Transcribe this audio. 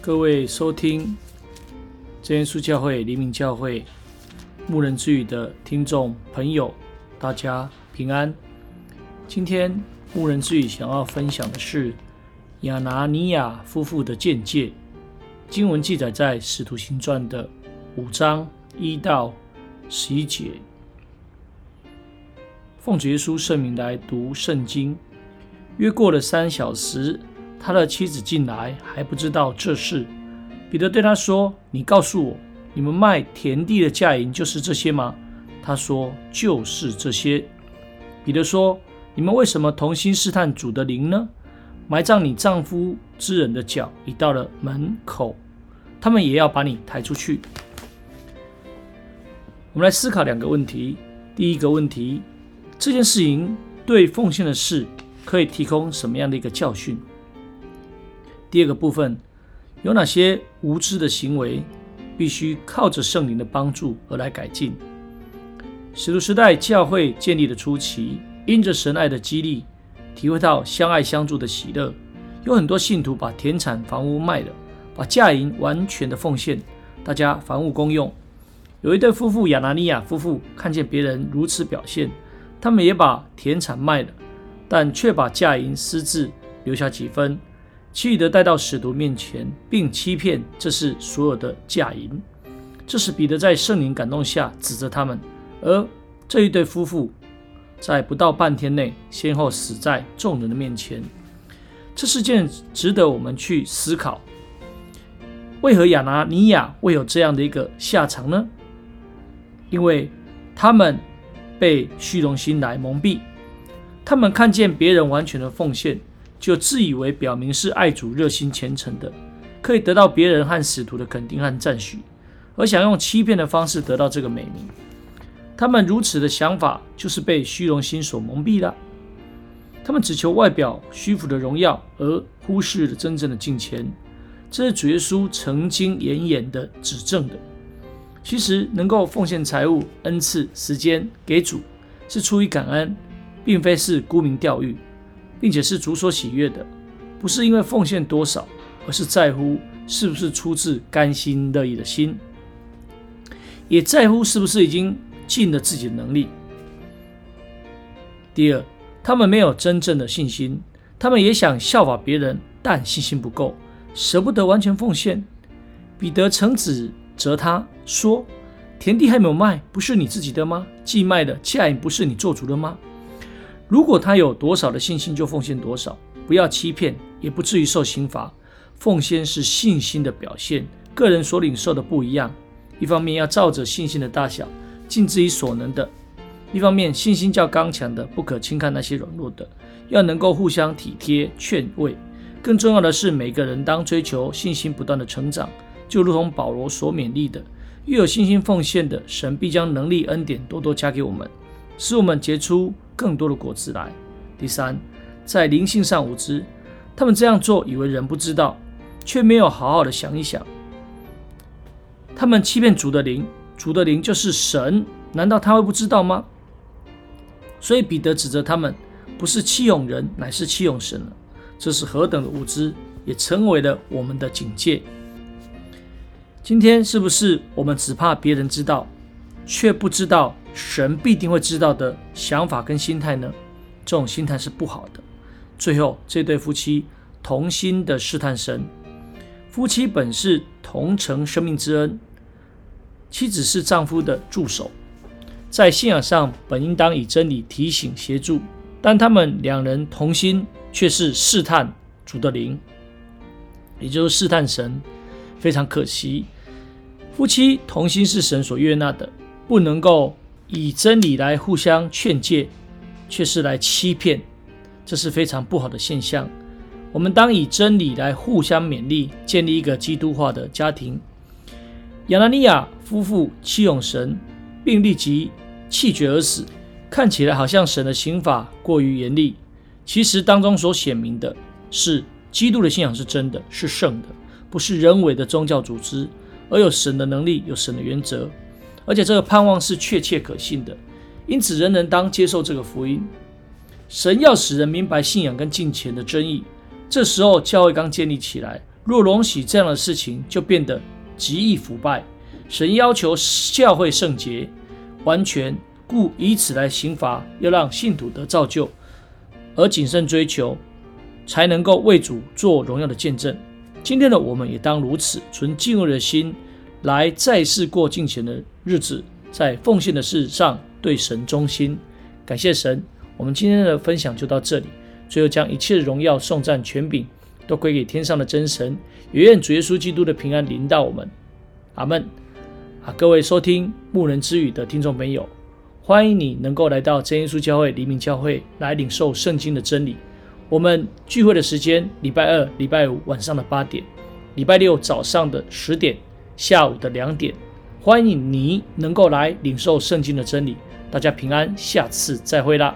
各位收聽真耶穌教會黎明教會牧人之語的聽眾朋友，大家平安。今天牧人之語想要分享的是亞拿尼亞夫婦的鑒戒，經文記載在使徒行傳的五章一到十一節。奉主耶穌聖名來讀聖經，約過了三小時，他的妻子進來還不知道這事，彼得對他說：“你告訴我，你們賣田地的價銀就是這些嗎？”他說：“就是這些。”彼得說：“你們為什麼同心試探主的靈呢？埋葬你丈夫之人的腳已到了門口，他們也要把你抬出去。”我們來思考兩個問題。第一個問題，這件事情對奉獻的事可以提供什麼樣的一個教訓？第二個部分，有哪些無知的行為，必須靠着聖靈的幫助而來改進？使徒時代教會建立的初期，因着神愛的激勵，體會到相愛相助的喜樂，有很多信徒把田產房屋賣了，把價銀完全的奉獻，大家房屋公用。有一對夫婦亞拿尼亞夫婦看見別人如此表現，他們也把田產賣了，但卻把價銀私自留下幾分。其餘的帶到使徒面前，並欺騙這是所有的價銀。這時彼得在聖靈感動下指責他們，而這一對夫婦在不到半天內先後死在眾人的面前。這是件值得我們去思考：為何亞拿尼亞會有這樣的一個下場呢？因為他們被虛榮心來蒙蔽，他們看見別人完全的奉獻。就自以為表明是愛主、熱心虔誠的，可以得到別人和使徒的肯定和讚許，而想用欺騙的方式得到這個美名。他們如此的想法，就是被虛榮心所蒙蔽了。他們只求外表虛浮的榮耀，而忽視了真正的敬虔。這是主耶穌曾經嚴嚴的指正的。其實，能夠奉獻財物、恩賜、時間給主，是出於感恩，並非是沽名釣譽。並且是主所喜悅的，不是因為奉獻多少，而是在乎是不是出自甘心樂意的心，也在乎是不是已經盡了自己的能力。第二，他們沒有真正的信心，他們也想效法別人，但信心不夠，捨不得完全奉獻。彼得曾指責他說：“田地還沒有賣，不是你自己的嗎？既賣的價也不是你做主的嗎？”如果他有多少的信心，就奉獻多少，不要欺騙，也不至於受刑罰。奉獻是信心的表現，個人所領受的不一樣。一方面要照着信心的大小盡自己所能的；一方面信心較剛強的，不可輕看那些軟弱的，要能夠互相體貼勸慰。更重要的是，每個人當追求信心不斷的成長，就如同保羅所勉勵的，越有信心奉獻的，神必將能力恩典多多加給我們。使我們結出更多的果子來。第三，在靈性上無知，他們這樣做以為人不知道，卻沒有好好的想一想。他們欺騙主的靈，主的靈就是神，難道他會不知道嗎？所以彼得指責他們，不是欺哄人，乃是欺哄神了。這是何等的無知，也成為了我們的警戒。今天是不是我們只怕別人知道，卻不知道？神必定會知道的想法跟心態呢？這種心態是不好的。最後，這對夫妻同心的試探神。夫妻本是同承生命之恩，妻子是丈夫的助手，在信仰上本應當以真理提醒協助，但他們兩人同心卻是試探主的靈，也就是試探神。非常可惜，夫妻同心是神所悅納的，不能夠。以真理來互相勸誡，卻是來欺騙，這是非常不好的現象。我們當以真理來互相勉勵，建立一個基督化的家庭。亞拿尼亞夫婦欺哄神，並立即氣絕而死。看起來好像神的刑法過於嚴厲，其實當中所顯明的是，基督的信仰是真的，是聖的，不是人為的宗教組織，而有神的能力，有神的原則。而且這個盼望是確切可信的，因此人人當接受這個福音。神要使人明白信仰跟金錢的爭議。這時候教會剛建立起來，若容許這樣的事情，就變得極易腐敗。神要求教會聖潔完全，故以此來刑罰，要讓信徒得造就，而謹慎追求，才能夠為主做榮耀的見證。今天的我們也當如此，存敬畏的心。來，在事過境遷的日子，在奉獻的事上對神忠心，感謝神。我們今天的分享就到這裡。最後，將一切榮耀頌讚權柄都歸給天上的真神，也願主耶穌基督的平安臨到我們。阿門。啊，各位收聽牧人之語的聽眾朋友，歡迎你能夠來到真耶穌教會黎明教會來領受聖經的真理。我們聚會的時間：禮拜二、禮拜五晚上的八點，禮拜六早上的十點，下午的兩點，歡迎你能夠來領受聖經的真理。大家平安，下次再會啦。